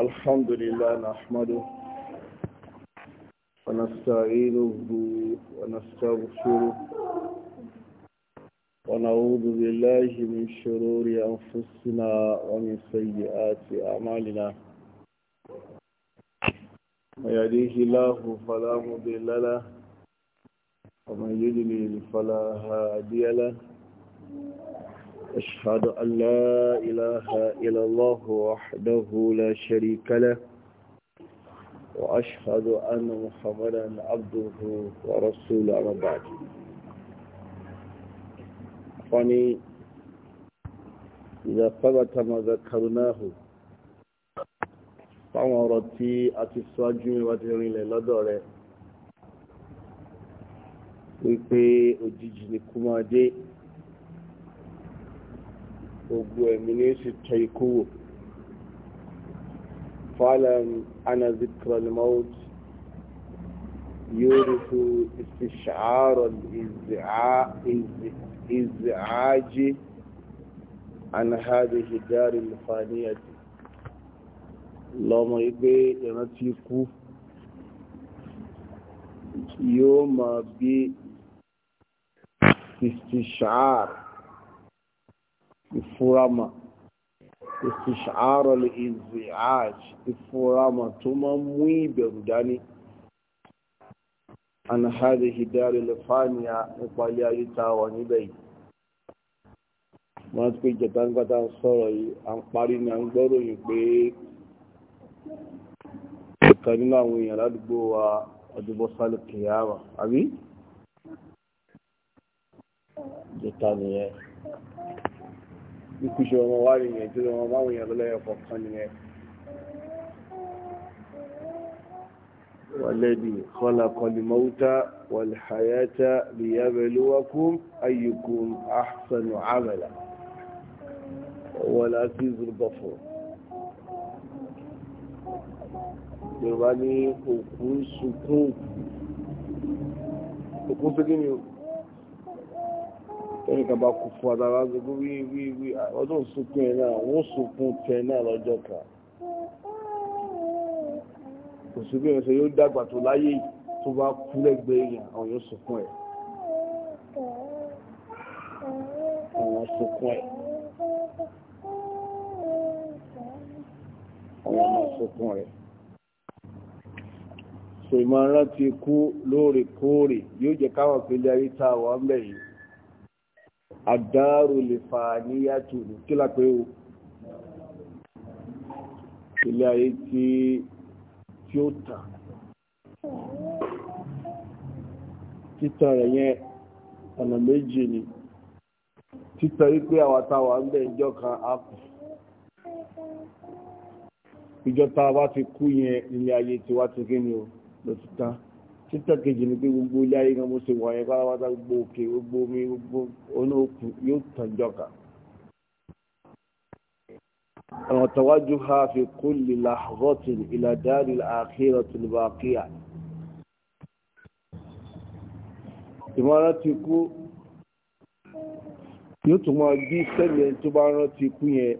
الحمد لله نحمده ونستعينه ونستغفره ونعوذ بالله من شرور أنفسنا ومن سيئات أعمالنا ويهديه الله فلا مضل له ومن يضلل فلا هادي له أشهد أن لا إله إلا الله وحده لا شريك له وأشهد أن محمدا عبده ورسوله أما بعد أخواني إذا ثبت ما ذكرناه fáwọn ọ̀rọ̀ tí a ti sọ́jú wá wípé òjijì ni kú máa dé التيكور فعلا أنا ذكر الموت يورث استشعار الإزعاج عن هذه الدار الفانية اللهم يبي ينتيكو يوم بي استشعار ìfúramà ìfìṣàárọ̀ ìzìáj ìfúramà tó máa mú ìbẹ̀rù dání an hadhihi dar al-faniya nípa ilé ayé tá a wà níbẹ̀ yìí wọ́n ti pé jẹ̀tàǹgbàtà ń sọ̀rọ̀ yìí à ń parí ni à ń gbọ́rọ̀ yìí pé ọ̀kan nínú àwọn èèyàn ládùúgbò wa ọdúnbọ̀ sálẹ̀ kìyàwó àbí jẹ̀tà nìyẹn ku jooga waalin yahay dad oo maamul yahay leeyahay fofan yahay والذي خلق الموت والحياة ليبلوكم أيكم أحسن عملا ولا تزر بفر يعني أقول سكون أقول سكون tẹ́lẹ̀ kan bá kú fún adára gbogbo wí wí wí ọdún sunkún ẹ̀ náà wọ́n sunkún tẹ̀ náà lọ́jọ́ kan kò sí bí wọ́n ṣe yóò dàgbà tó láyé tó bá kú lẹ́gbẹ̀ẹ́ èèyàn àwọn yóò sunkún ẹ̀ àwọn sunkún ẹ̀ àwọn ọmọ sunkún ẹ̀ ṣèmọ̀ rántí kú lóòrèkóòrè yóò jẹ́ káwọn pẹ̀lú ayé tá a wà ń bẹ̀ yìí àdáàrò lè fà níyà tó kí lápẹ́ o ilé ayé tí tí ó tàn títàn rẹ̀ yẹn ọ̀nà méjì ni títàn wípé àwàtàwà ń bẹ̀ ìjọ kan ápù ìjọ tá ti kú yẹn ilé ayé tí wá ti kí ni o lọ ti títà kejì ni pé gbogbo ilé ayé kan bó ṣe wọ̀ yẹn pátápátá gbogbo òkè gbogbo omi gbogbo onóòkú yóò tàn jọkà. وتوجهها في كل لحظة إلى دار الآخرة الباقية ìmọ̀ rántí ikú yóò tún máa bí sẹ́lẹ̀ tó bá rántí ikú yẹn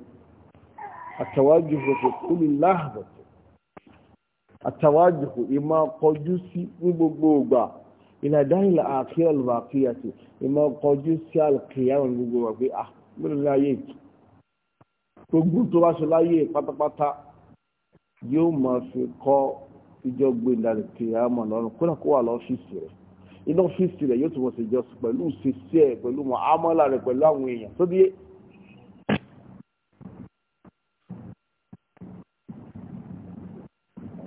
àtàwájú fòfò kúlù láàbọ̀tì àtàwájùkù ìmá kọjú sí ní gbogbo ògbà ìlàdáìlà àkíyà lùbàkíyàtì ìmá kọjú sí àkíyà ní gbogbo ògbà pé à ah, mẹ́rin láyé gbogbo tó bá ṣe láyé pátápátá yóò máa fi kọ́ ìjọ gbẹ̀dàlì kìyàmọ̀ lọ́rùn kó lọ́kọ́ wà lọ́fíìsì rẹ̀ inú ọ́fíìsì rẹ̀ yóò tún wọ́n ṣe jọ pẹ̀lú ṣiṣẹ́ pẹ̀lú mọ̀ rẹ̀ pẹ̀lú àwọn èèyàn tó bí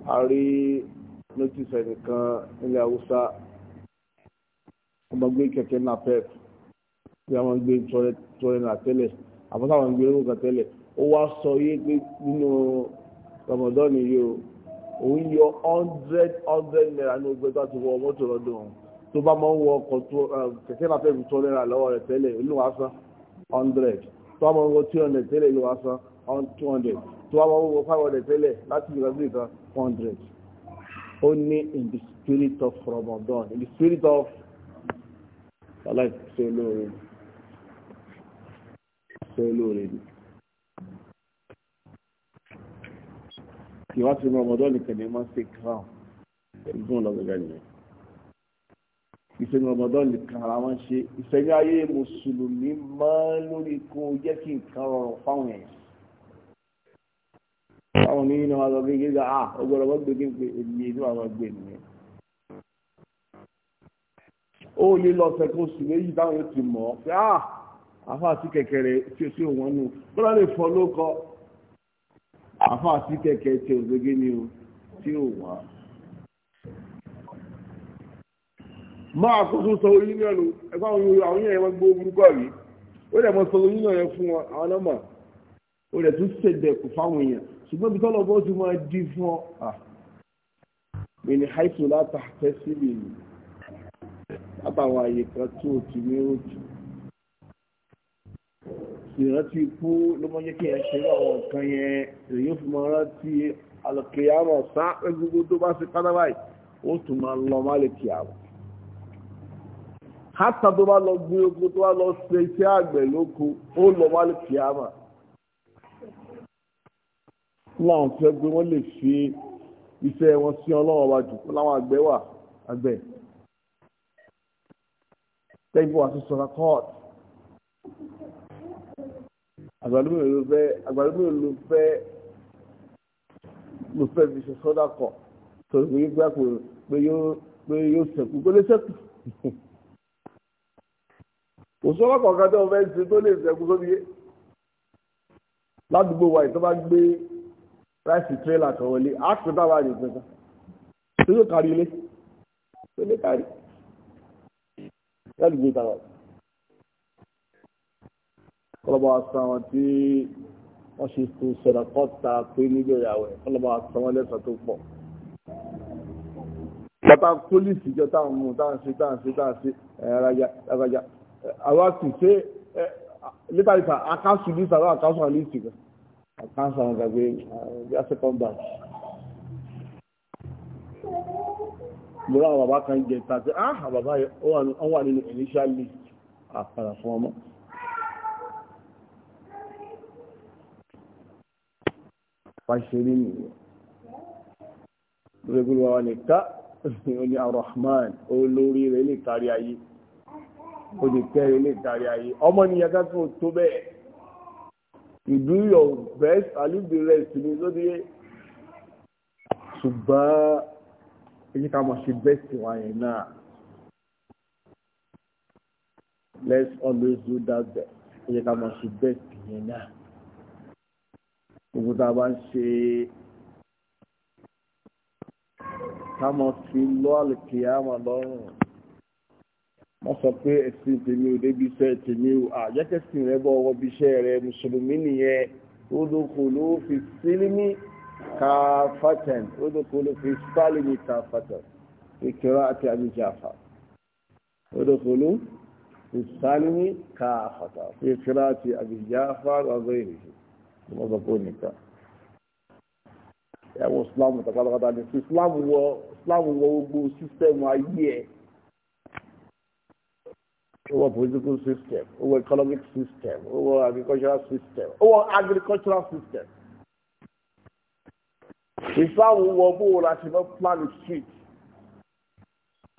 a rí notice ẹnìkan ilẹ̀ haúsá ọmọ gbé kẹ̀kẹ́ náà pep bí wọ́n gbé tọrẹ náà tẹ́lẹ̀ àbọ̀ táwọn gbé ewu kan tẹ́lẹ̀ ó wá sọ yé pé nínú Ramadan yìí o òun yọ hundred hundred naira ní ogbẹ́ tó ti wọ mọ́tò lọ́dún ọ̀hún tó bá máa ń wọ ọkọ̀ tó kẹ̀kẹ́ náà pep tọrẹ náà lọ́wọ́ rẹ̀ tẹ́lẹ̀ ìlú wa san hundred tó bá máa ń wọ two hundred tẹ́lẹ̀ ìlú wa san on 200 tó wá wọ́wọ́ 500 tẹ́lẹ̀ láti ìrọ̀sílẹ̀ kan 100 ó ní in the spirit of Ramadan in the spirit of aláìsí ṣe olóore ṣe olóore ni ìwá ti Ramadan nìkan ní máa ń ṣe crown ìgbọ́n lọ́gbẹ̀gà nìyẹn ìṣẹ́gun Ramadan nìkan ara wọn ṣe ìṣẹ́gun ayé mùsùlùmí máa lórí kó jẹ́ kí nǹkan rọrùn fáwọn èèyàn táwọn míì náà wá sọ pé gíga ah, à ọgbọ́dọ̀ wọ́n gbé kí n pé èmi èyí wà wọ́n gbé nìyẹn. ó lè lọ sẹ́kọ̀ oṣù méjì táwọn ti mọ̀ ọ́ pé à ah, àfa àti kẹ̀kẹ́rẹ́ tí o tí ò wọ́n nù bọ́lá lè fọ́ ló kọ́ àfa àti kẹ̀kẹ́ tí o gbégé ni o tí ò wá. máa kó tó sọ orí náà lò ẹgbẹ́ àwọn yorùbá àwọn yẹn wọ́n gbó orúkọ yìí ó lè mọ sọ orí náà yẹn fún wọn àwọn náà mọ̀ ó lè tún ṣèdẹ̀kù fáwọn èèyàn ṣùgbọ́n bí tọ́lọ̀ bó ti máa di fún ọ ìní haitu látàfẹ́ sílẹ̀ yìí látàwọn àyè kan tó ti ní òjò ìrántí ikú ló mọ́ jẹ́ kí ẹ ṣe àwọn nǹkan yẹn èyí fún mọ́ rántí alùkìyàmọ̀ sá gbogbo tó bá ṣe pátá báyìí ó tún máa lọ má lè kìyàmọ̀ hátà tó bá lọ gbé oko tó bá lọ ṣe iṣẹ́ àgbẹ̀ lóko ó lọ má lè kìyàmọ̀ láwọn tí wọ́n gbé wọ́n lè fi iṣẹ́ wọn sí ọlọ́wọ́ wa jù láwọn àgbẹ̀ wà àgbẹ̀ tẹ́gbọ́ àti sọ̀rọ̀ kọ́ọ̀tù àgbàdúgbò ló fẹ́ àgbàdúgbò ló fẹ́ ló fẹ́ fi ṣe sọ́dà kọ̀ sọ̀rọ̀ pé gbà pé pé yóò pé yóò sẹ̀kú pé lè sẹ̀kú òṣùwọ́n kọ̀ọ̀kan tó fẹ́ ṣe tó lè sẹ̀kú sóbi yé ládùúgbò wa ìtọ́ bá gbé ráìsì trailer kan wọlé áàpù báwa rè gbọ̀ngàn tó yóò kárí ilé tó lè kárí láti gbé ìtawà. kọlọ́bà sọ àwọn tí wọ́n ṣe tó sọ̀rọ̀ kọ́ta pé nílé ìyàwó ẹ̀ kọlọ́bà sọ wọn lẹ́sàn tó pọ̀. bàtà pólísì jọ táwọn mú táwọn ṣe táwọn ṣe táwọn ṣe ẹ̀ẹ́dájà àwọn àti ṣe lẹ́tàlísà akásùlísà àwọn akásùlísì kan káńsà wọn gbàgbé bíá second batch bọ́lá àwọn bàbá kan jẹ tàbí ah bàbá wọn wà nínú initial list àpàrà fún ọmọ fàṣírí nìyẹn rẹ̀gùnlọ́ wa nìká ní arahman olórí rẹ̀ lè kárí ayé ó lè kẹ́rẹ̀ lè kárí ayé ọmọ nìyàn tó bẹ́ẹ̀ you do your best and leave the rest to me so the ṣùgbọ́n èyí ká mọ̀ ṣe best wa yẹn náà let's always do that best èyí ká mọ̀ ṣe best yẹn náà òkúta bá ń ṣe ká mọ̀ fi lọ́ àlùkìyàmọ̀ lọ́rùn má sọ pé ẹ̀sìn tèmi ò débi iṣẹ́ tèmi ò àjẹ́kẹ̀sìn rẹ bọ́ ọwọ́ bí iṣẹ́ rẹ mùsùlùmí nìyẹn ó dókò ló fi sílímì kàfàtàn ó dókò ló fi sálímì kàfàtàn ìkìrọ̀ àti àbíjàfà ó dókò ló fi sálímì kàfàtàn ìkìrọ̀ àti àbíjàfà ọgbẹ́ ìrìsì wọ́n sọ pé ó nìkan ẹ̀wọ̀n islam tàbátàbátà ní islam wọ gbogbo sísẹ́mù ayé ẹ̀ ó wọ political system ó economic system ó agricultural system ó agricultural system Islam, wọ bó o láti lọ plan the street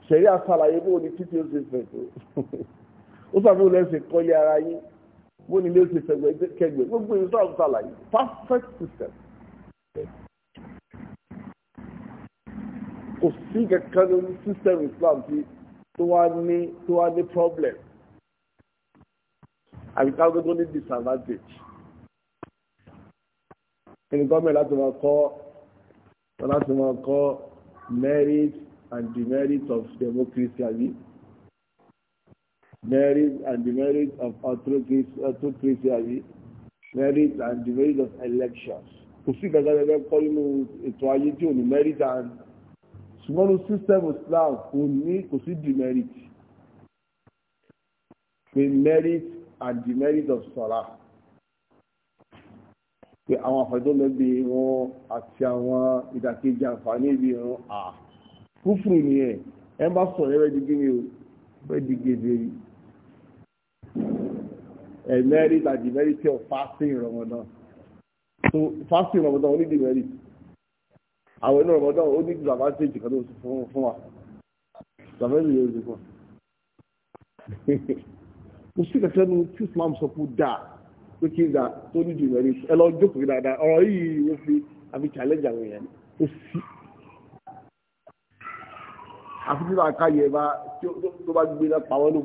ṣẹ̀rí àṣàlàyé bó o ní títí ó ṣe fẹ̀tọ́ ó sàfihàn lẹ́sìn kọ́lé ara yín bó ni ilé ó ṣe fẹ̀gbẹ́ kẹgbẹ́ gbogbo ìsáwò ṣàlàyé perfect system. kò sí kankan ní system Islam ti tó wá ní tó wá ní problem àbí káwọn tó ní disadvantage nǹkan mẹ́rin láti máa kọ́ láti máa call, merit and demerit of democracy àbí merit and demerit of autocracy àbí merit and demerit of elections kò sí ìgbàgbọ́ ẹgbẹ́ kọ́ nínú ètò ayé tí ò ní merit and ṣùgbọ́n ní system Islam kò ní kò sí demerit pé merit and demerit of salah pé àwọn àfẹ́dọ́lẹ́bí wọn àti àwọn ìdàkejì àǹfààní ibi ìran à kúfùrù nìyẹn ẹ bá sọ̀rọ̀ ẹ̀rẹ́ di gíní o fẹ́ di gèdèrè ẹ̀ merit and demerit of fasting Ramadan so fasting Ramadan onídìí merit àwọn inú Ramadan ó ní disadvantage kan tó fún wa disadvantage yóò ṣe fún wa mo sì kẹsẹ́ nu tí islam sọ fún dáa pé kí n dà tó ní jù lẹ́rí ẹ lọ jókòó dáadáa ọ̀rọ̀ yìí ó fi àfi challenge àwọn èèyàn ó sì àfi tí wàá ká yẹ bá tó bá gbé náà pàwọ́ ló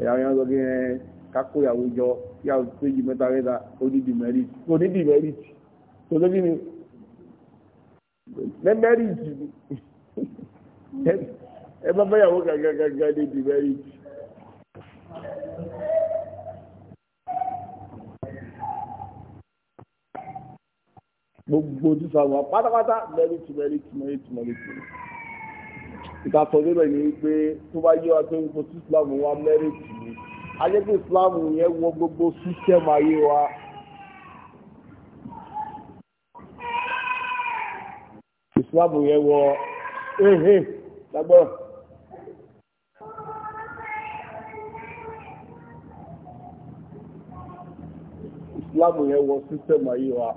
ẹ̀yà wọn sọ pé ẹ kákó ìyàwó jọ yàwó péjì mẹ́ta mẹ́ta ó ní dìmẹ́rìtì kò ní dìmẹ́rìtì tó lóbi ni mẹ́mẹ́rìtì ni ẹ bá bá yàwó gàgàgàgà ní dìmẹ́rìtì. gbogbo ojúṣe àwọn pátápátá mẹ́rìtì mẹ́rìtì mẹ́rìtì mẹ́rìtì ìtàkùn lébẹ̀ ni pé tó bá yé wa pé kò sí Islam wa mẹ́rìtì ni ajẹ́pẹ́ islam yẹn wọ gbogbo system ayé wa islam yẹn wọ ehe eh, lágbọ́rọ̀. islam yẹn wọ system ayé wa.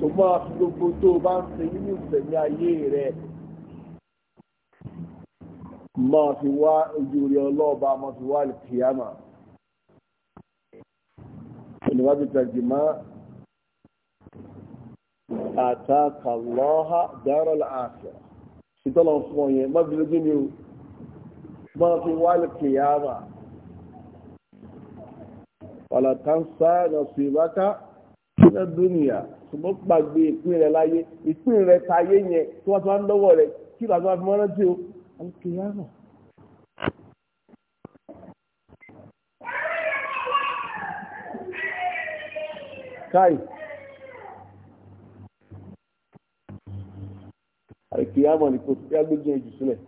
sọ máa fi gbogbo tó o bá ń ṣe nínú ìsẹ̀mí ayé rẹ̀ máa fi wá ojú rí ọlọ́ọ̀bá máa fi wá alìkìyàmà ìlúwájú tàjìmá àtàkàlọ́ha dárọ̀lá àṣà ìtọ́lọ̀ fún ọ̀yẹn má fi lójú ni o máa fi wá alìkìyàmà ọ̀làtàǹsá náà sì bákà ní dúnìyà ṣùgbọ́n gbàgbé ìpín láyé ìpín tayé yẹn tí wọ́n ti ń lọ́wọ́ rẹ̀ kí alkiyama kai alkiyama ni kò tí agbègbè jù sílẹ̀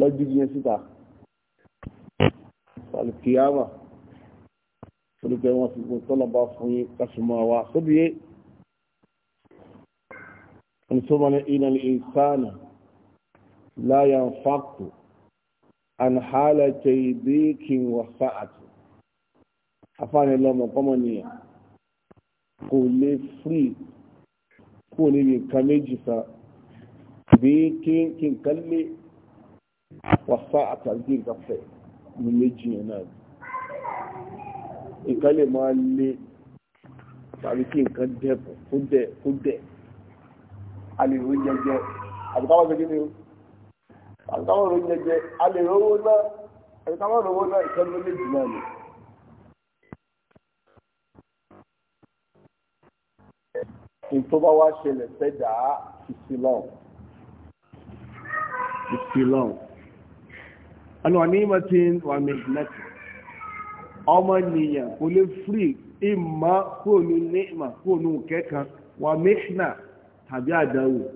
lọ́jú yẹn síta alkiyama olùgbé wọn fi gbọ́n tọ́lọ̀ bá fún yín kásùmọ́ wa sóbìyẹ́ ثم إن الإنسان لا ينفق عن حالتي ضيق وسعة àfáàní lọ́mọ kọ́mọ nìyàn kò lè frí kò ní nǹkan méjì fa bí kí nǹkan lè wàfá àtàgbé nǹkan fẹ́ ní méjì yẹn náà nǹkan lè máa lè tàbí kí nǹkan dẹ̀ kó dẹ̀ alèrò jẹjẹ àbíkáwọ́ jẹjẹ ni o àbíkáwọ́ rò jẹjẹ alèrò owó náà àbíkáwọ́ rò owó náà ìtọ́jú méjì náà ni. tó bá wá ṣẹlẹ̀ fẹ́ dà á ìsìlọ́n ìsìlọ́n ọ̀nà ní martin wàmìnàtì ọmọ ènìyàn kò lè frí ìmọ̀ kóònù ní ìmọ̀ kóònù kẹ́kan wàmìnà tàbí àdánwò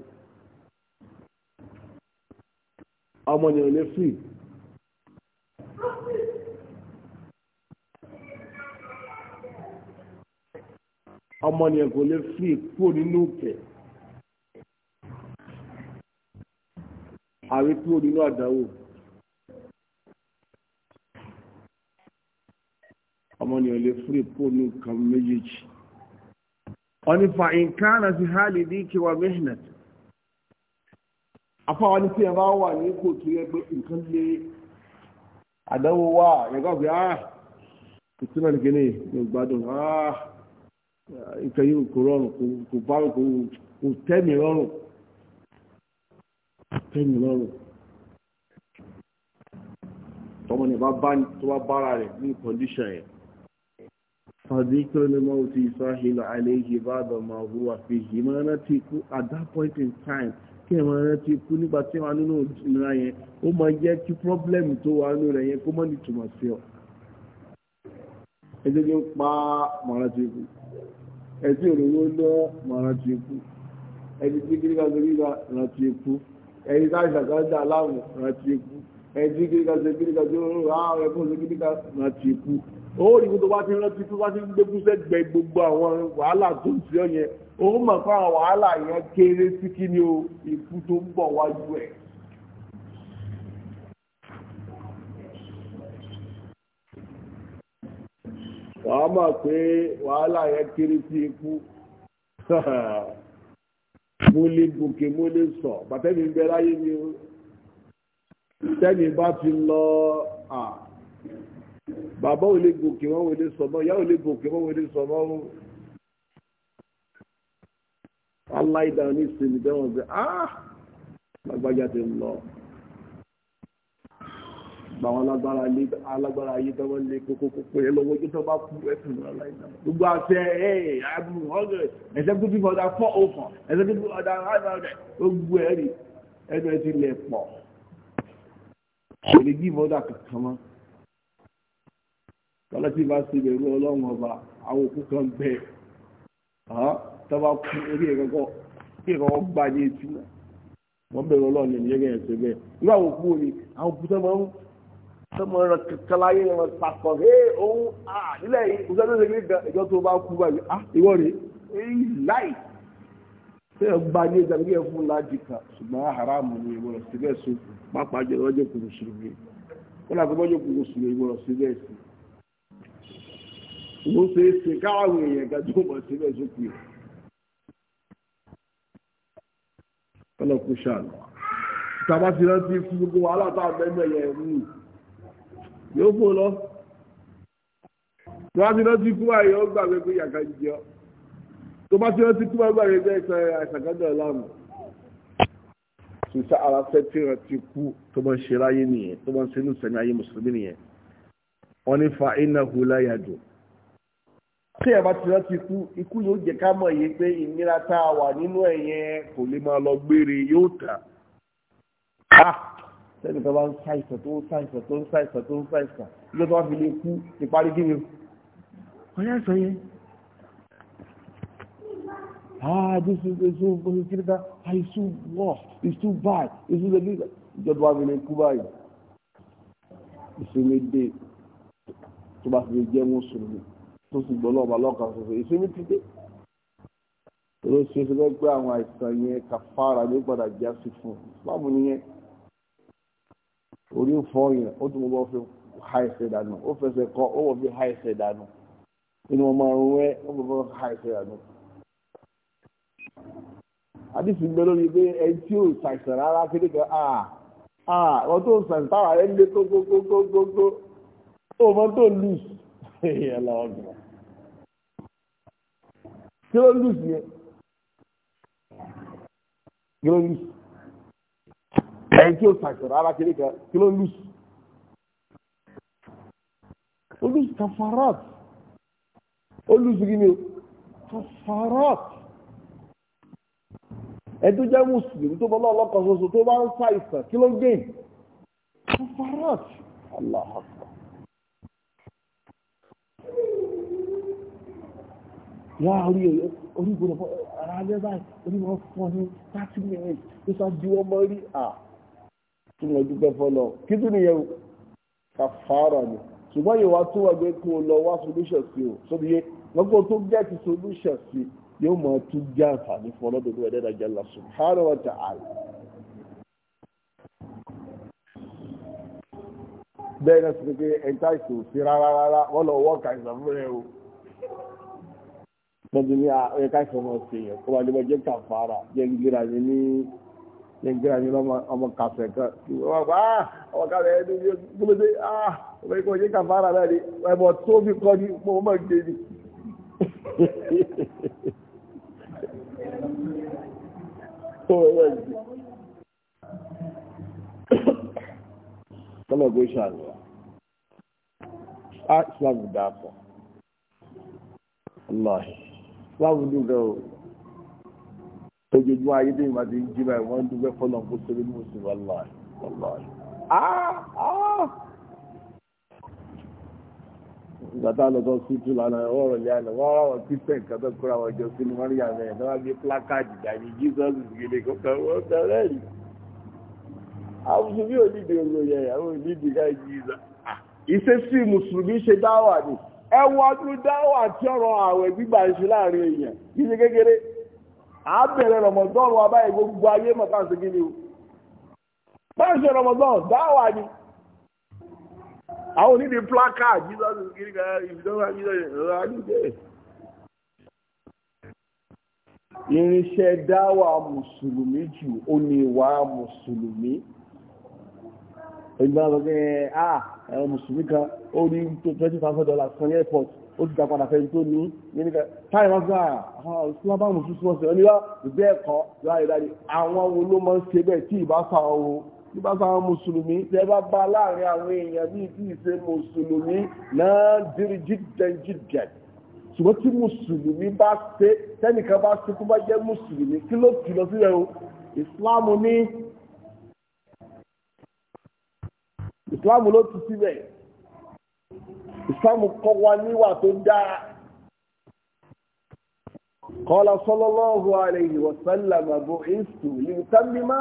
ọmọnìyàn lè fún yìí. ọmọnìyàn kò lè fi kúrò nínú òkè àrí kúrò nínú àdánwò ọmọnìyàn lè fi kúrò nínú nǹkan méjèèjì wani fa'in kana fi hali díkì wa mihnat afọ́ wani tí ẹ bá wà ní kò tó yẹ pé nǹkan lé àdánwò wà yẹ̀gọ́ pé ah ìtura ní kíní ní ìgbádùn ah nǹkan yìí kò rọrùn kò bá kò tẹ́mi rọrùn tẹ́mi rọrùn tọmọ ní bá bára rẹ̀ ní kọ́ndíṣàn yẹn فذكر الموت ساهل عليه بعد ما هو فيه ما نتيكو at that point in time kí ẹ̀wọ̀n rẹ ti kú nígbà tí wọn nínú ìnira yẹn ó máa jẹ́ kí problem tó wà nínú rẹ̀ yẹn kó má ní túmọ̀ sí ọ. ẹjọ́ ló pa màrà ti kú ẹjọ́ òróró lọ màrà ti kú ẹni tí kíríkà ṣe kíríkà rà ti kú ẹni tá ìṣàkà dà láàmú rà ti kú ẹni tí kíríkà ṣe kíríkà ṣe òróró àwọn ẹ̀kọ́ ṣe kíríkà rà ti kú ó rí tó bá ti rántí tó bá ti ń gbé kúṣẹ́ gbẹ gbogbo àwọn wàhálà tó ń ṣe yẹn ó mọ̀ fún àwọn wàhálà yẹn kéré sí kí ni o ikú tó ń bọ̀ wájú ẹ̀. wàá mọ̀ pé wàhálà yẹn kéré sí ikú mo lè gòkè mo lè sọ bàtẹ́mi ń bẹ láyé mi o tẹ́mi bá ti lọ bàbá ò lè gòkè wọn ò lè sọmọ ìyá ò lè gòkè wọn ò lè sọmọ o aláìdá ní ìsinmi dẹ́wọ̀n pé ah lágbájá ti ń lọ báwọn alágbára ayé dánwọ́ lé kókókókó ẹ lọ́wọ́ ojú tó bá kú ẹ̀sùn aláìdá gbogbo àṣẹ ẹ̀ àbúrò ọ̀gẹ̀ executive order four oh four executive order five hundred gbogbo ẹ̀rí ẹnu ẹ ti lẹ̀ pọ̀ kò lè kankan mọ́ tọ́lá tí bá ṣe bẹ̀rù ọlọ́run ọba àwọn òkú kan bẹ̀ tọ́ba kú orí ẹ̀kọ́kọ́ kí ẹ̀kọ́kọ́ gbà ní etí wọ́n bẹ̀rù ọlọ́run ní ìyẹ́gẹ̀ ẹ̀ ṣe bẹ́ẹ̀ irú àwọn ni àwọn òkú tó máa ń tó máa ń ra kàkàláyé wọn pàtó ẹ òun nílẹ̀ yìí kò sẹ́ni lè gbé ìjọ tó bá kú báyìí ah ìwọ rè é láì ṣé ẹ gba ní ìjà nígbà fún láàjì kan ṣùgbọ́n haramu ni ìwọ̀n síbẹ̀ sùn pápá jẹ́ lọ́jọ́ kùrùsùn mi kó ó ṣeé ṣe káwọn èèyàn kan tó mọ̀ síbẹ̀ sókè ọlọ́kùn ṣàlù tàbá ti rántí fún gbogbo wàhálà tá àgbẹ̀gbẹ̀ yẹn mú yóò fò lọ tó bá ti rántí kú àyè ó gbàgbé pé yàgá jíjẹ ọ tó bá ti rántí kú àgbàgbé pé ẹsẹ àìsàkádọ ọlànà sùsà ara fẹ tí wọn ti kú tó bá ń ṣe láyé nìyẹn tó bá ń ṣe ní ìsẹ̀yìn ayé mùsùlùmí nìyẹn wọn ní fa iná hula yàjò tí ẹ̀ bá ti rántí ikú ikú yóò jẹ́ ká mọ̀ yé pé ìnira tá a wà nínú ẹ̀ yẹn kò lè máa lọ gbére yóò tà á sẹ́ni tó bá ń ṣàìsàn tó ń ṣàìsàn tó ń ṣàìsàn tó ń ṣàìsàn ló tó bá fi lè kú ìparí kí ni ọ̀yá ìsàn yẹn ah this is this is this is kiri ka ah it's too rough it's too bad it's too bad ìjọba mi lè kú báyìí ìsinmi dé tó bá fi lè jẹ́ mùsùlùmí tó sì gbọ́ lọ́ọ̀bà lọ́ọ̀kan ṣoṣo ìsinmi ti dé ló ṣe ṣe fẹ́ gbé àwọn àìsàn yẹn kàfàrà ló padà já sí fún báwo nìyẹn orí fọ yẹn ó tún bọ́ fi ha ẹsẹ̀ dànù ó fẹsẹ̀ kọ́ ó wọ̀ fi ha ẹsẹ̀ dànù inú ọmọ ọrùn rẹ ó bọ̀ fọ́ ha ẹsẹ̀ dànù. àdìsí gbẹ lórí pé ẹni tí ò ṣàìsàn rárá kéde kan a a wọn tó ṣàìsàn táwa rẹ ń lé kókókókókó ó mọ tó lù ẹ lọ́wọ́ gbọ́n kí lose ń lù lose. yẹn kí ló ń lù sí ẹ̀yìn tí ó sàkè rárá kiri kan kí ló ń lù sí ó lù sí kafarat ó lù sí kíni tó jẹ́ mùsùlùmí tó bọ́ tó bá ń ṣàìsàn kí ló ń kafarat Allah. wọ́n á rí orígbòrò fún ara rẹ̀ báyìí onímọ̀ fún ní thirty minutes tó sá ju ọmọ rí à tí mo dúpẹ́ fọlọ́ kí tún nìyẹn kàfàrà ni ṣùgbọ́n yìí wá tó wà pé kó o lọ wá solution sí o sóbi yé lọ́kọ̀ tó gẹ̀ẹ́tì solution sí yóò máa tún jẹ́ àǹfààní fún ọlọ́dọ̀dọ̀ ẹ̀dẹ́dà jalla subhanahu wa ta'ala. bẹ́ẹ̀ náà sì ni pé ẹ̀ńtà ìṣòwò sí rárá rárá wọ́n lọ wọ́ọ̀kà lọ́dún ní ọyẹ ah, káṣí ọmọ ṣèyàn kó wà ní ọjọ́ kàfàrà jẹ́ gbéra mi ní jẹ́ gbéra mi lọ́mọ kàfẹ́ kan wọ́n bá ah, ọmọ kàfẹ́ ẹni ní gbólódé ah, ọmọ ikọ̀ ọjọ́ kàfàrà náà ni ẹ̀bọ̀ tó fi kọ́ ni mo mọ̀ gbé ni. Kọ́lọ̀ gbé ṣàlùwà. Á ìsìlámù dáa pọ̀. Allah fáwọn olùgbà o ojoojúmọ́ ayé tó yìí máa ti ń jí báyìí wọ́n ń dúpẹ́ fọ́lọ̀ kó sórí ní oṣù wàláì wàláì ìgbàtà lọ́tọ́ sútù lánàá ọ̀rọ̀ ìyá ẹ̀nà wọ́n ráwọ̀ kírísítẹ̀ nǹkan tó kóra wọn jọ sínú wọn níyà mẹ́rin tó wá gbé plákáàdì dání jesus gèdè kọ́kọ́ wọ́n tẹ̀lé rí àwọn mùsùlùmí ò nídìí olóyè àwọn ò nídìí ká jesus ah, ìṣesí mùsùlùmí ṣe dáwà ni ẹ wo ọdún dáwọ̀ àti ọ̀rọ̀ àwẹ̀ gbígbà ìṣe láàrin èèyàn kì í ṣe kékeré àbẹ̀rẹ̀ rọ̀mọ̀dọ́ọ̀rù abáyé gbogbo ayé mọ̀ káàsì kí ni o báṣẹ rọ̀mọ̀dọ́ọ̀rù dáwà ni àwọn onídìí placard Jesus kiri ka ìfìdánwà Jesus ìrora níjẹ́ irinṣẹ́ dáwà mùsùlùmí jù ó ní ìwà mùsùlùmí ìgbà ọgbẹ́ ah ẹ̀rọ mùsùlùmí kan ó ní twenty thousand dollars kan ní airport ó ti dàpadà fẹ́ tó ní nínú táì wọ́n gbà àwọn ìṣúná bá mùsùlùmí wọ́n sọ níwá ìgbẹ́ ẹ̀kọ́ láìdáre àwọn wo ló máa ń ṣe bẹ́ẹ̀ tí ìbá fa ọwọ́ tí bá fa mùsùlùmí tẹ́ bá bá láàrin àwọn èèyàn bí tí ìṣe mùsùlùmí náà dírí jíjẹjíjẹ ṣùgbọ́n tí mùsùlùmí bá ṣe tẹ́nìkan bá ṣe tó bá jẹ́ mùsùlùmí kí ló kìlọ̀ sílẹ̀ o ìsìláàmù ní ìsìláàmù ló ti síbẹ̀ ìsìláàmù kọ́ wa níwà tó dáa kọ́lá sallallahu alayhi wa sallam bu'istu liutammima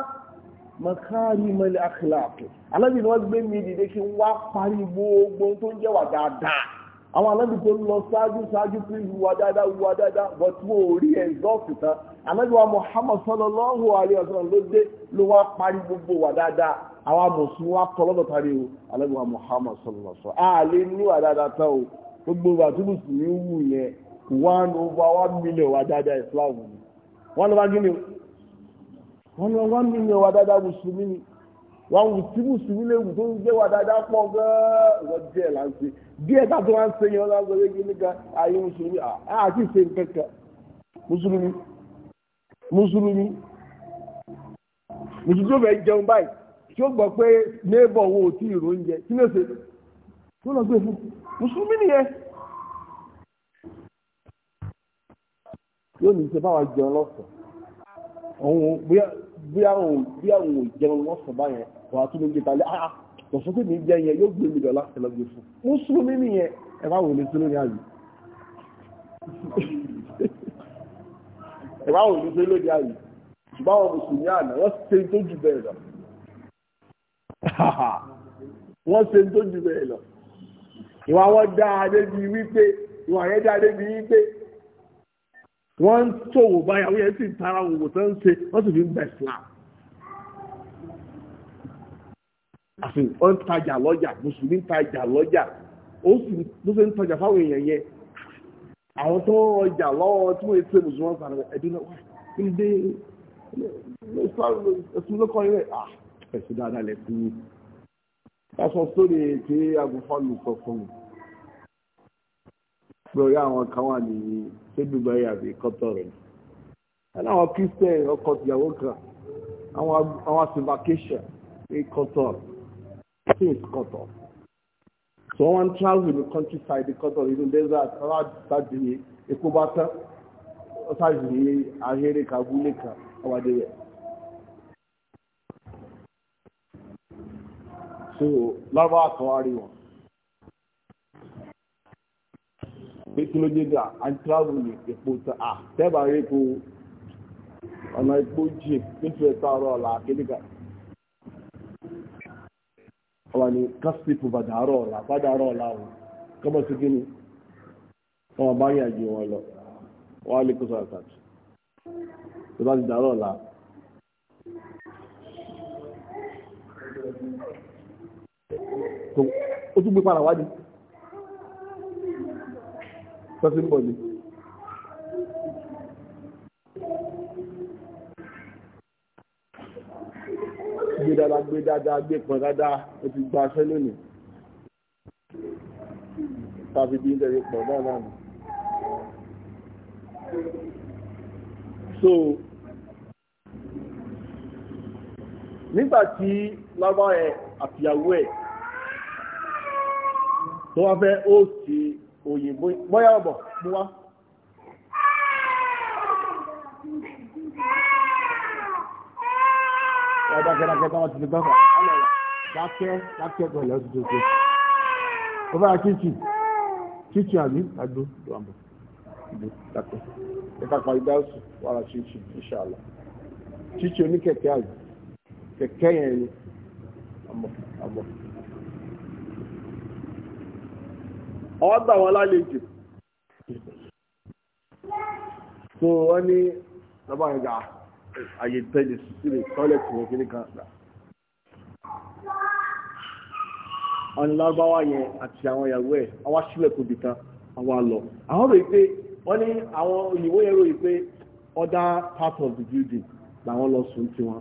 makarima al-akhlaq alábìnrin wọn gbé mi dìde kí n parí gbogbo tó ń jẹ́wà dáadáa àwọn anábì tó lọ ṣáájú ṣáájú pé ìwà dáadáa ìwà dáadáa but wo orí ẹ̀zọ́ọ̀tì tán anábì wa Muhammad sallallahu alaihi wasallam ló dé ló wá parí gbogbo wà dáadáa àwọn amòsùn wa tọ́ lọ́dọ̀ tari o anábì wa Muhammad sallallahu alaihi wasallam àlè níwà dáadáa tán o gbogbo wà tó lù sí ní wù yẹn one over one million wà dáadáa Islam ni wọ́n lọ́ba gíní wọ́n lọ́ one million wà dáadáa mùsùlùmí ni wọ́n wù tí mùsùlùmí léwu tó ń gbé wà dáadáa pọ̀ gan-an wọ́n díẹ̀ bí ẹ̀dá tó wá ń ṣe yẹn lọ́wọ́ lórí nígbà ayé mùsùlùmí àti ìṣe nǹkankan mùsùlùmí mùsùlùmí mùsùlùmí tó fẹ́ jẹun báyìí tí ó gbọ́ pé neighbor wo tí ìrò ń jẹ kí ló ṣe tó lọ gbé fún mùsùlùmí nìyẹn. yóò ní ṣe báwa jẹun lọ́sàn òun bóyá òun bóyá òun jẹun lọ́sàn báyẹn wàá tún ní gbé talẹ́ áá ah, ah lọ́sọ̀kú mi jẹ́ yẹn yóò gbé mi dọ̀lá ẹlọ́gbé fún mùsùlùmí nìyẹn ẹ bá wòlé sí lónìí àyè ẹ bá wòlé sí lónìí àyè ṣùgbọ́n àwọn mùsùlùmí àná wọ́n ṣe tó jù bẹ́ẹ̀ lọ wọ́n ṣe tó jù bẹ́ẹ̀ lọ ìwà wọn dá adébi wípé ìwà yẹn dá adébi wípé wọ́n ń tòwò báyà wọ́n yẹn sì ń tara òwò tó ń ṣe wọ́n sì fi ń bẹ̀ sílámù. àfihàn ó ń tajà lọ́jà mùsùlùmí ń tajà lọ́jà ó sì ló fẹ́ ń tajà fáwọn èèyàn yẹn àwọn tó ń ọjà lọ́wọ́ tí wọ́n ṣe mùsùlùmí sàn ẹ̀dùn náà kí ni dé ẹ̀sùn ló kọ́ ilé ah ẹ̀sùn dáadáa lẹ̀ fún mi. That's one story tí agùnfọ́lù sọ fún mi. Lórí àwọn kan wà ní Sébìgbáyà àbí Kọ́tọ̀ rẹ̀. Ẹni àwọn Christian ọkọ̀ ìyàwó kan, àwọn àti vacation ní Kọ́tọ̀ rẹ̀. Things cut off. So one travels in the countryside because of even there's a tragedy, a kubata, a tragedy, a headache, a bulika, or whatever. So, Larva Kawari one. pé kí ló dé dà á ń travel ní epo tán à tẹ́bàá rí epo ọ̀nà epo jìn nítorí ẹ̀ta ọ̀rọ̀ ọ̀la kéde kan wà ní kásìpù bàdàárọ̀ ọ̀la bàdàárọ̀ ọ̀la o kọ́mọ̀ sí kí ni wọ́n bá yà jù wọn lọ wọ́n á lè kó sọ̀rọ̀ kàtù tó bá ti dàárọ̀ ọ̀la. ó tún gbé padà wá ní bọ̀ ni. gbé dáadáa gbé dáadáa gbé pọn dáadáa ó ti gba aṣẹ́ lónìí tàbí bí ìdẹ̀rẹ̀ pọ̀ dáadáa nù. so nígbà tí lábá ẹ̀ àfìyàwó ẹ̀ tó wá fẹ́ ó sì òyìnbó bọ́yá ọ̀bọ̀ mú wá. dákẹ́dákẹ́ táwọn ti fi gbọ́fà ọlọ́wà dákẹ́ dákẹ́ pẹ̀lú ọtí tuntun ó fara kíkì kíkì àbí àdó tó àbò ìdó dákẹ́ ẹ̀ka parí dáhùsù wàrà kíkì ìṣàlọ kíkì oníkẹ̀kẹ́ àbí kẹ̀kẹ́ yẹn ni àmọ́ àmọ́. ọwọ́ gbà wọn lálejò so wọ́n ní lọ́bàá yẹn gà á àyè tẹ́lẹ̀ sílẹ̀ tọ́lẹ̀tì wọn kìíní kan gbà àwọn ìlàgbáwá yẹn àti àwọn ìyàwó ẹ̀ àwọn aṣílẹ̀kùn bìkan àwọn àlọ́ àwọn rò pé wọ́n ní àwọn òyìnbó yẹn rò pé other part of the building làwọn lọ sùn tiwọn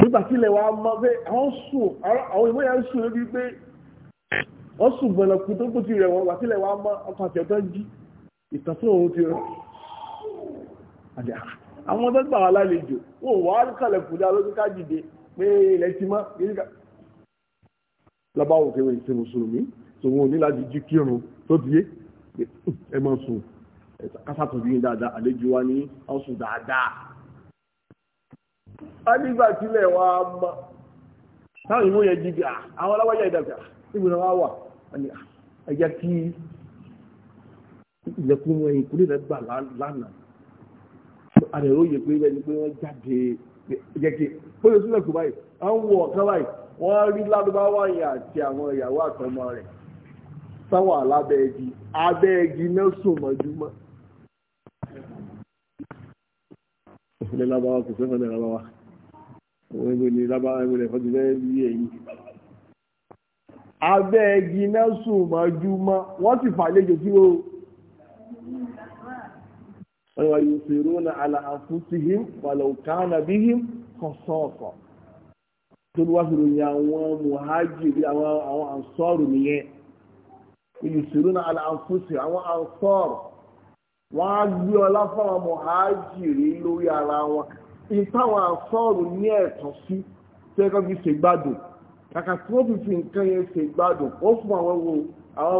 nígbà tí ilẹ̀ wa mọ́ pé àwọn sùn àwọn ìwé yẹn sùn lórí pé wọ́n sùn gbọ̀nàkú tó kù ti rẹ̀ wọ́n wà tí ilẹ̀ wa mọ́ ọkọ̀ àti ọ̀tọ́ jí ìtàn Ah, àwọn tó gbà wá lálejò wọn wà á kàlẹ̀ kùdá lójú ká dìde pé ilẹ̀ ti mọ́ lọ́bàá òkè wọ́n ti mùsùlùmí tó wọn ò ní láti jí kírun tó bíyé ẹ mọ̀ sùn kásàtòbí dáadáa àlejò wa ní ọ̀sùn dáadáa a nígbà tílẹ̀ wa mọ́ táwọn ìmú yẹn jíbi ah, àwọn aláwájá ìdàgbà ìgbìnà wa wà ah, ẹ̀yà kí ilẹ̀kùn ẹ̀yìn kúlẹ̀ rẹ̀ gbà lánàá àdẹ̀rọ yẹ pé bẹ́ẹ̀ ni pé wọ́n jáde jẹ́kẹ́ bóyá sílẹ̀ kù báyìí àwọn wọ̀ ọ̀kan báyìí wọ́n rí ládùbáwá yẹn àti àwọn ìyàwó àtọmọ rẹ̀ sáwọn alábẹ́ ẹgi abẹ́ ẹgi náà sùn mọ́júmọ́. ìfúnlẹ̀ lábáwá kò sẹ́fọ̀n náà lábáwá òun ẹgbẹ́ ni lábáwá ẹgbẹ́ rẹ̀ fọ́jú fẹ́ rí ẹ̀yìn. abẹ́ ẹgi náà sùn mọ́júmọ́ wọ́n sì fàlejò sí o. wa yusiruna ala anfusihim walau kana bihim tó bí wá sí ròyìn àwọn muhajiri àwọn ansọ́rù nìyẹn yusiruna ala àwọn ansọ́rù wọ́n á gbé ọlá fáwọn muhajiri lórí ara wọn ìtàwọn ansọ́rù ní ẹ̀tọ́ sí tẹ́kọ́ fi ṣègbádùn kàkà tí wọ́n fi fi nǹkan yẹn ó fún àwọn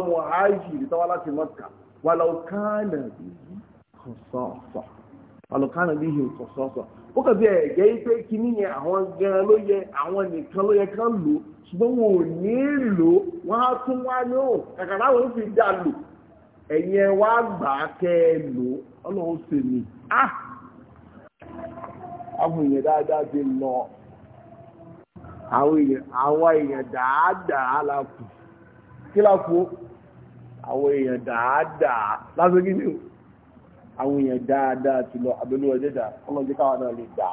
muhajiri táwọn kọ̀sọ̀ọ̀sọ̀ alùkánà bí ihò kọ̀sọ̀ọ̀sọ̀ ó kàbí ẹ̀jẹ̀ yìí pé àwọn gan àwọn nìkan ló kán lò ṣùgbọ́n wọn ò wọ́n tún wá ní ọ kàkà láwọn fi dà lò ẹ̀yẹn wá gbà á lọ àwọn àwọn èèyàn dáadáa ti lọ àbẹ̀lú ẹ̀dẹ́dà ọlọ́jẹ́ káwọn náà lè dà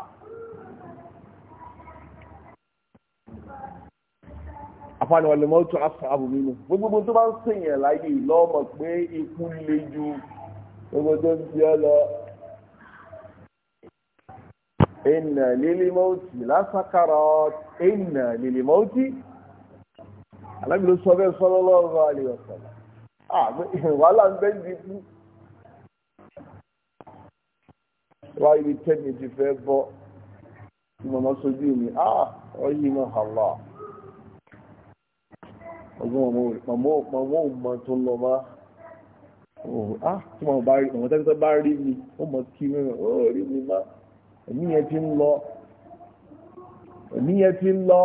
àfààní wọn lè mọ́ tún àbò nínú gbogbo tó bá ń sèyàn láyé lọ́mọ̀ pé ikú le ju gbogbo tó ń bí ọ lọ ìnà lílímọ́tì lásàkàrọ̀ ìnà lílímọ́tì alábìlú sọ bẹ́ẹ̀ sọ́lọ́lọ́rọ̀ àlè ọ̀sẹ̀ ah, wàhálà ń bẹ́ẹ̀ wá ibi tẹ́mi ti fẹ́ bọ́ ah, ah, tí màmá sojú mi á ọyí mọ́ àlá ọgbọ́n màmá ò mọ tó lọ bá tí màmá tẹ́kítọ́ bá rí mi ó mọ kí mẹ́rin ó rí mi má ẹ̀mí yẹn ti ń lọ ẹ̀mí yẹn ti ń lọ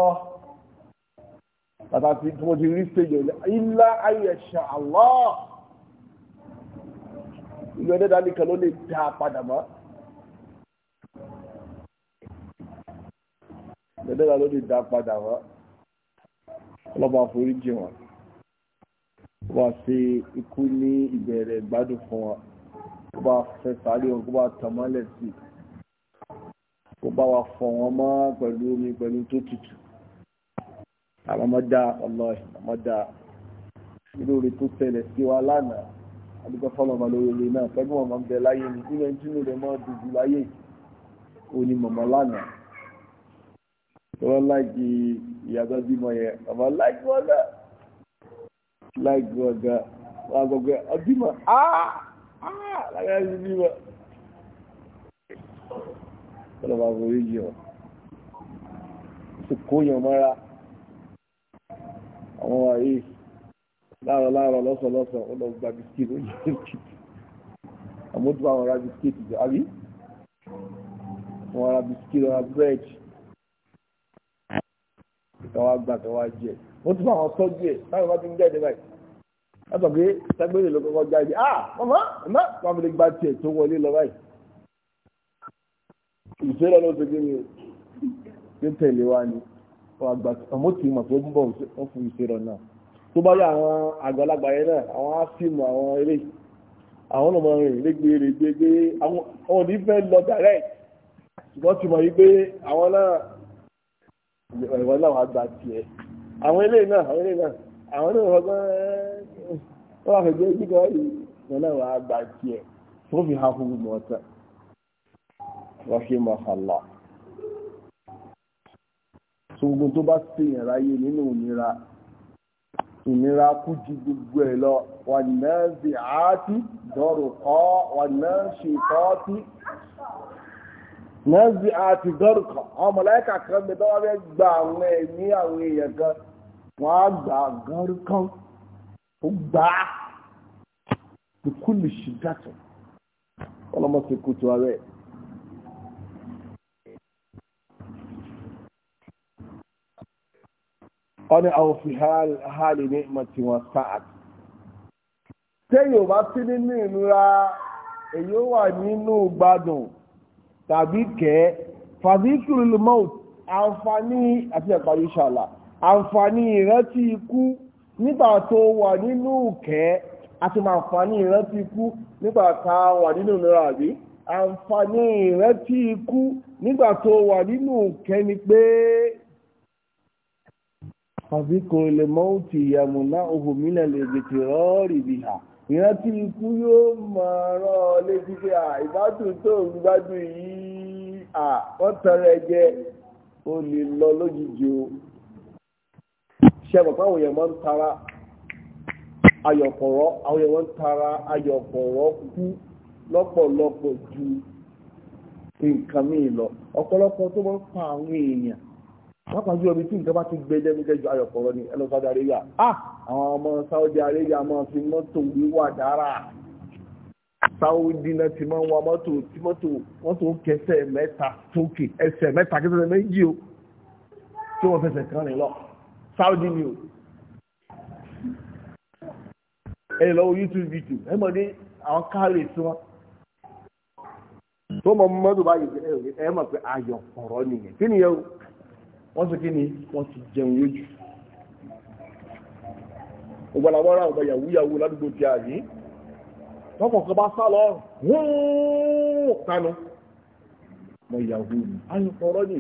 pàtàkì tí mo ti rí stage ilá ayẹ̀ṣà àlọ́ ìlú ẹ̀dẹ́dá nìkan ló lè dá padà mọ́. lẹ́dẹ́ra ló lè dá padà wá ọlọ́ba àforíjì wọn wá sí ikú ní ìbẹ̀rẹ̀ ìgbádùn fún wa kó bá fẹ́ sáré wọn kó bá tàn mọ́lẹ̀ sí kó bá wa fọ̀ wọn mọ́ pẹ̀lú omi pẹ̀lú tó tutù àwọn ọmọdá ọlọ́ọ̀ irú rẹ̀ tó tẹ̀lẹ̀ sí wa lánàá àdúgbò fọlọ́mọ lórí ilé náà pẹ̀lú ọmọ ń bẹ láyé ni nínú ẹni tí mo lè mọ́ dùdú láyé òní mọ̀mọ́ lánàá wọ́n láìkí ìyàtọ̀ bímọ yẹn ọmọ láìkí wọn náà láìkí wọn gan wọn gbogbo ọbímọ áá lágbára sí bímọ ah, ah, ọlọ́ máa forí jì ọ́ sì kó yàn mọ́ra àwọn wàyí láàrọ̀ láàrọ̀ lọ́sọ̀ lọ́sọ̀ ó lọ gba bisikíìtì ó yẹ bisikíìtì àmójúbà àwọn ará bisikíìtì jọ àbí àwọn ará kan wá gbà kan wá jẹ ó tún àwọn tọ́jú ẹ̀ táwọn bá ti ń jáde báyìí látọ̀ pé sẹ́gbẹ́rẹ́ ah mama mama wọn fi lè gba tiẹ̀ tó wọlé lọ báyìí ìṣe lọ́nà tó kí ni o ṣé tẹ̀lé wa ni wọn àgbà àmọ́ tí mo tó ń bọ̀ wọ́n fún ìṣe lọ náà tó bá yà àwọn àgbàlagbà yẹn náà àwọn á fíìmù àwọn eré àwọn ọmọ rìn lẹ́gbẹ̀ẹ́rẹ́ àwọn òní fẹ́ lọ direct ṣùgbọ́n ti mọ̀ yí pé àwọn náà ìwọ náà wàá gba tiẹ̀ àwọn ilé náà àwọn ilé náà àwọn náà wọ́n gbọ́n wọ́n wà fẹ́jọ́ jíkọ́ ìwọ náà wàá gba tiẹ̀ tó fi ha fún mi ọ̀tẹ̀ wọ́n fi mọ̀ ọ̀lá so gbogbo tó bá ṣe yẹn ráyé nínú ìnira ìnira kú ju gbogbo ẹ̀ lọ wà náà ṣe nọ́ọ̀sì àti dọ́rùkọ̀ ọ mọ̀láìkà kan gbé tọ́wọ́ gba àwọn ẹ̀mí àwọn èèyàn kan wọ́n á gbaa gọ́rùkọ́ ó gbà ìkúlù ṣìdátọ̀ ọlọ́mọsí kùtù ààrẹ. ọ̀nà àwòfì hàlì ní ìmọ̀tí wọn sáàtì. tẹ́yìn bá sí nínú ìnura èyí ó wà nínú gbádùn. tàbí kẹ́ fàdíkìrì mọ́t àǹfààní àti ẹ̀pàdé ṣàlà àǹfààní ìrántí ikú nígbà tó wà nínú kẹ́ àti àǹfààní ìrántí ikú nígbà tá a wà nínú ìnira àbí àǹfààní ìrántí ikú nígbà tó wà nínú kẹ́ ni pé fàdíkìrì mọ́t ìyàmùná òhùnmílẹ̀ lè gbètè rọ́ọ̀rì bìhà. ìrántí ikú yóò máa rán ọ létí pé à ìbádùn tó ń yìí à wọ́n lè lọ lójijì o èèyàn máa ń tara ayọ̀pọ̀rọ̀ àwọn èèyàn tara ayọ̀pọ̀rọ̀ kú lọ́pọ̀lọpọ̀ ju nǹkan míì lọ ọ̀pọ̀lọpọ̀ tó máa ń pa àwọn pàápàá jù ọbí tí nǹkan bá ti gbé jẹ́mi kẹjọ ayọ̀pọ̀rọ̀ ni ẹ lọ Saudi Arabia ah àwọn ọmọ Saudi Arabia máa fi mọ́tò wíwà dára Saudi náà ti máa ń wa mọ́tò tí mọ́tò mọ́tò kẹsẹ̀ mẹ́ta sókè ẹsẹ̀ mẹ́ta kẹsẹ̀ méjì o tí wọ́n fẹsẹ̀ kan rìn lọ Saudi ni o ẹ lọ YouTube video ẹ mọ̀ ní àwọn káàrè tí wọ́n tó mọ̀ mọ́tò báyìí ẹ mọ̀ pé ayọ̀pọ̀rọ̀ nìyẹn kí nìyẹn o wọ́n sì kí ni wọ́n ti jẹun yójú ògbàlàwọ́ra ọ̀gbà yàwúyàwó ládùúgbò ti àyí wọ́n kọ̀ọ̀kan bá sá lọ wọ́n kanu mọ ìyàwó mi ayé kọ̀ọ̀rọ̀ ni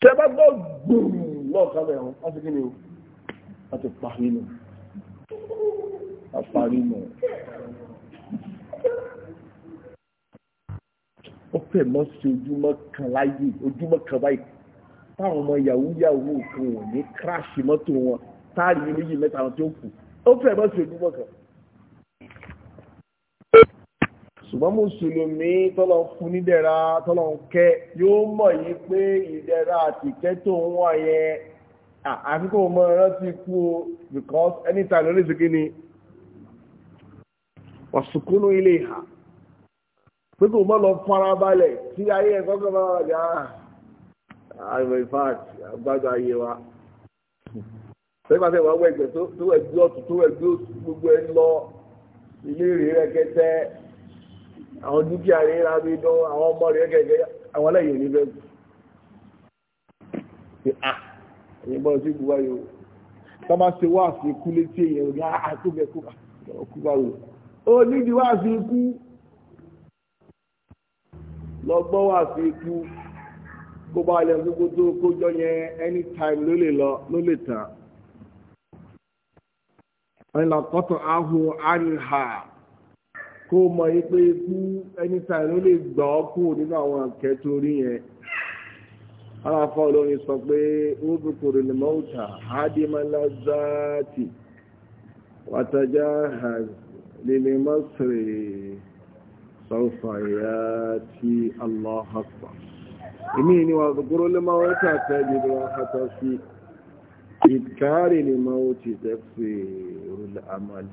tẹ bá gbọ́ gbòòrò lọ́ọ̀kan bẹ̀rẹ̀ wọn wọ́n sì kí ni o wọ́n ti parí nù parí nù ó fẹ́ mọ́ sí ojúmọ́ kan láyé ojúmọ́ kan báyìí táwọn ọmọ yahoo yahoo kan wọ̀n ní kíráàṣì mọ́tò wọn táàrí méjì mẹ́ta wọn tí ó kù ó fẹ́ mọ́ sí ojúmọ́ kan. ṣùgbọ́n mùsùlùmí tọ́lọ̀ fún nídẹ̀ra tọ́lọ̀ ń kẹ́ yóò mọ̀ yí pé ìdẹ̀ra àtìkẹ́ tó ń wà yẹn àfikún ọmọ rántí kú o because anytime lórí ìsìnkí ni wọ́n sùkúnú ilé ìhà pé kò mọ́ lọ farabalẹ̀ tí ayé ẹ̀kọ́ kan máa wà ní àhà. Ah, àwọn ìfáàtì gbádùn ayé wa sẹ́yìn máa fẹ́ wá wẹ̀gbẹ́ tó wẹ̀gbẹ́ ọ̀tún tó wẹ̀gbẹ́ òsì gbogbo ẹ̀ lọ ilé rẹ̀ rẹ̀kẹ́tẹ́ àwọn dúkìá rẹ̀ ra bí dán àwọn ọmọ rẹ̀ kẹ̀kẹ́ àwọn ẹlẹ́yìn ní bẹ́ẹ̀ ṣe à ìbọn sí ìbúwá yìí o tá máa ṣe wá sí ikú létí èèyàn rẹ̀ àtúbẹ̀ ah, ah, ah, kú bá wò ó nídìí wá sí ikú lọ gbọ́ wá sí ikú kó bá ilẹ̀ gbogbo tó kójọ yẹn anytime ló lè lọ ló lè tàn. ẹnlá kọ́tọ̀ ahu anha kó mọ̀ yí pé ikú anytime ló lè gbà ọ́ kú nínú àwọn akẹ́tọ̀ orí yẹn. aláfọ́ olórin sọ pé ó dùkùrù ní mọ́tà hádìmọ́lá záàtì wàtàjà lílé mọ́sìrì sọ́fà ti allah akbar ìmí ni wà zùgbúrú lẹ́mọ́ ó tàbí ìdí wọn fata sí ìkárì ni ma ó ti tẹ́fì rúlẹ̀ àmàlì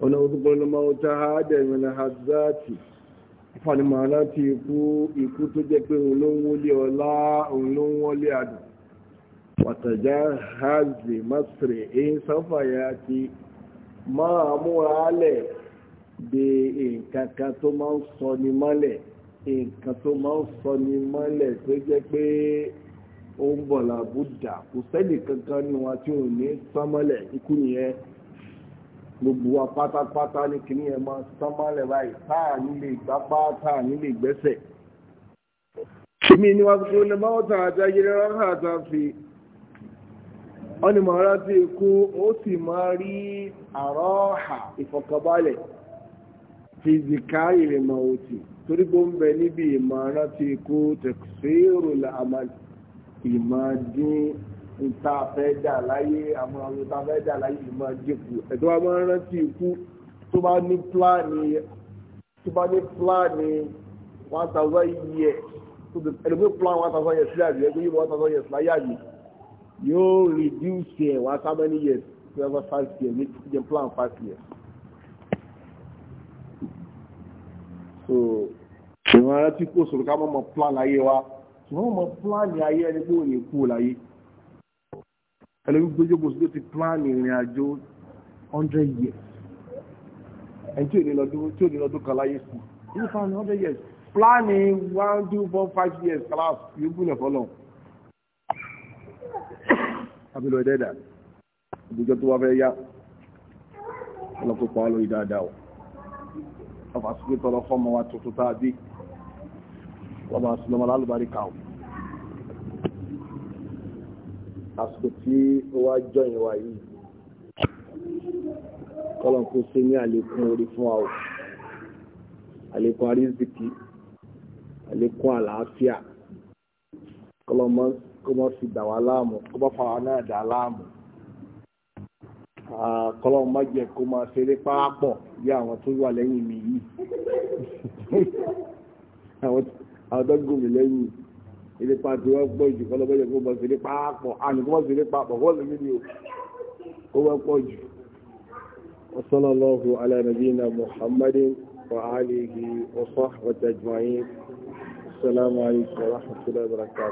wọn ó zùgbúrú lẹ́mọ́ ó ta ha dẹ̀ ìrìnlẹ̀ hazati ìfànimọ̀ láti ikú ikú tó jẹ́ pé òun ló ń wọlé ọlá òun ló ń wọlé àdùn wàtàjá hazi masri èyí sáfàyà ti máa múra lẹ̀ de nǹkan kan tó máa ń ni mọ́lẹ̀ nǹkan tó máa ń sọ ni mọ́lẹ̀ tó jẹ́ pé ó ń bọ̀ làbúdà kò sẹ́ni kankan ní wa tí ò ní sánmọ́lẹ̀ ikú nìyẹn gbogbo wa pátápátá ní kíní ẹ máa sánmọ́lẹ̀ báyìí táà nílé ìgbápá táà nílé ìgbẹ́sẹ̀. èmi ni wàá fún ọlọ́mọ ọ̀tá àti ayẹyẹ rárá àtàfi wọ́n ni màá rántí ikú ó sì máa rí àrọ́ọ̀hà ìfọ̀kànbalẹ̀ fi zikari rẹ̀ mọ̀ torí kó ń bẹ níbi ìmọ̀ràn ti kó tẹ̀síìrù làmà ìmọ̀ dín ìta fẹ́ dà láyé àwọn àwọn ìta fẹ́ dà láyé ìmọ̀ dínkù ẹ̀tọ́ wa máa ń rántí ikú tó bá ní pílánì tó bá ní pílánì one thousand years ẹlòmíì pílánì one thousand years ẹgbẹ́ yìí one thousand years láyé àgbẹ̀ yóò reduce ẹ̀ wá how many years seven five years ní jẹ́ pílánì five years. So, ṣùgbọ́n ara tí kò sọ̀rọ̀ ká mọ́ mọ́ plan ayé wa ṣùgbọ́n mọ́ plan ayé ẹni pé òní kú láyé ẹlẹ́gbẹ́ gbójógbó sí ló ti plan ìrìn àjò hundred years ẹni tí ò ní lọ́dún kan láyé sí ní plan hundred years plan one two four five years class yóò gúnlẹ̀ fọlọ́ abilọ̀ ẹ̀dẹ́dà ìbújọ́ tó wá fẹ́ yá ọlọ́kọ̀ pa á lórí dáadáa o ọfà sí pé tọrọ fọmọ wa tuntun tá a bí wọ́n bá súnmọ́ lálùbáríkà ọ̀ àsìkò tí ó wá jọ ìwà yìí kọ́lọ̀ kó sí ní àlékún orí fún wa ò àlékún àrízìkì àlékún àlàáfíà kọ́lọ̀ mọ́ sí dà wá láàmú kó bá fara náà dà láàmú kọ́lọ̀ má jẹ́ kó máa ṣeré pápọ̀ bí àwọn tó wà lẹ́yìn mi yìí àwọn tó gùn mí lẹ́yìn ilé pàtó wọn pọ̀ jù kọ́lọ́ bẹ́ẹ̀ kó bọ́ sí ilé pàápọ̀ àmì kó bọ́ sí ilé pàápọ̀ kó lè níbi o kó bọ́ pọ̀ jù. sallallahu ala nabiyina muhammadin wa alihi wa